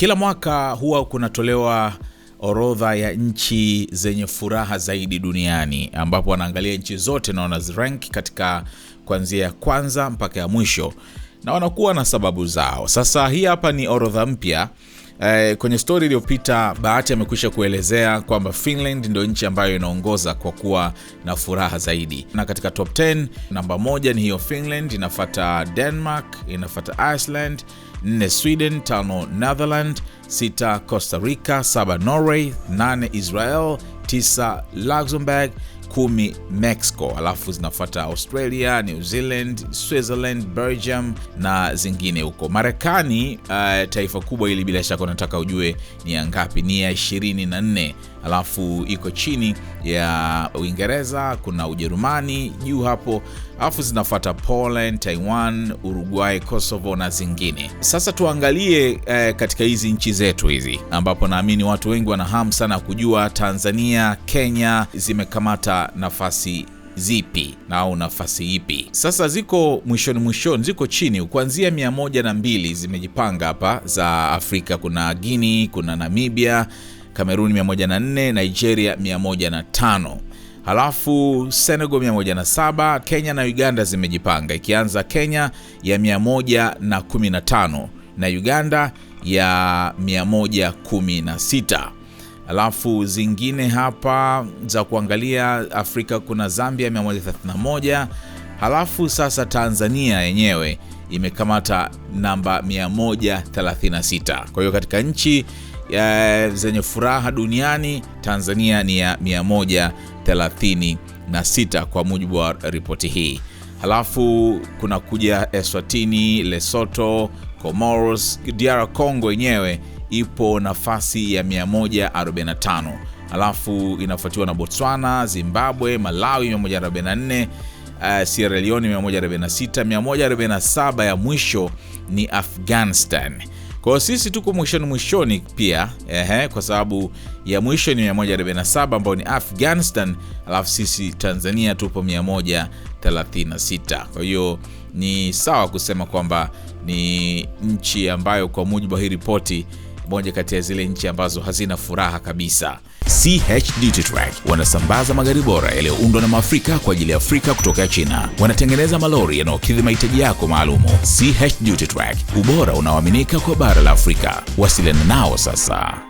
Kila mwaka huwa kunatolewa orodha ya nchi zenye furaha zaidi duniani, ambapo wanaangalia nchi zote na wanazirank katika kuanzia ya kwanza mpaka ya mwisho, na wanakuwa na sababu zao. Sasa hii hapa ni orodha mpya eh, kwenye stori iliyopita Bahati amekwisha kuelezea kwamba Finland ndio nchi ambayo inaongoza kwa kuwa na furaha zaidi, na katika top 10 namba moja ni hiyo Finland, inafata Denmark, inafata Iceland, nne Sweden, tano Netherland, sita Costa Rica, saba Norway, nane Israel, tisa Luxembourg kumi Mexico, alafu zinafuata Australia, New Zealand, Switzerland, Belgium na zingine huko. Marekani uh, taifa kubwa hili bila shaka unataka ujue ni ya ngapi? Ni ya 24, alafu iko chini ya Uingereza, kuna Ujerumani juu hapo, alafu zinafuata Poland, Taiwan, Uruguay, Kosovo na zingine. Sasa tuangalie eh, katika hizi nchi zetu hizi ambapo naamini watu wengi wana hamu sana kujua Tanzania, Kenya zimekamata nafasi zipi na au nafasi ipi? Sasa ziko mwishoni mwishoni, ziko chini kuanzia mia moja na mbili zimejipanga hapa za Afrika. Kuna guini kuna Namibia, Kameruni 14 Nigeria 15 halafu Senegal 17 Kenya na Uganda zimejipanga, ikianza Kenya ya 115 na Uganda ya 116 alafu zingine hapa za kuangalia Afrika kuna Zambia 131 halafu sasa Tanzania yenyewe imekamata namba 136. Kwa hiyo katika nchi e, zenye furaha duniani Tanzania ni ya 136 kwa mujibu wa ripoti hii. Halafu kuna kuja Eswatini, Lesotho, Comoros, DR Congo yenyewe ipo nafasi ya 145, alafu inafuatiwa na Botswana, Zimbabwe, Malawi 144, uh, eh, Sierra Leone 146. 147 ya mwisho ni Afghanistan. Kwa sisi tuko mwishoni mwishoni pia ehe, kwa sababu ya mwisho ni 147 ambayo ni Afghanistan, alafu sisi Tanzania tupo 136. Kwa hiyo ni sawa kusema kwamba ni nchi ambayo kwa mujibu wa hii ripoti moja kati ya zile nchi ambazo hazina furaha kabisa. CH wanasambaza magari bora yaliyoundwa na Maafrika kwa ajili ya Afrika kutoka China. Wanatengeneza malori yanayokidhi mahitaji yako maalumu. CH ubora unaoaminika kwa bara la Afrika. Wasiliana nao sasa.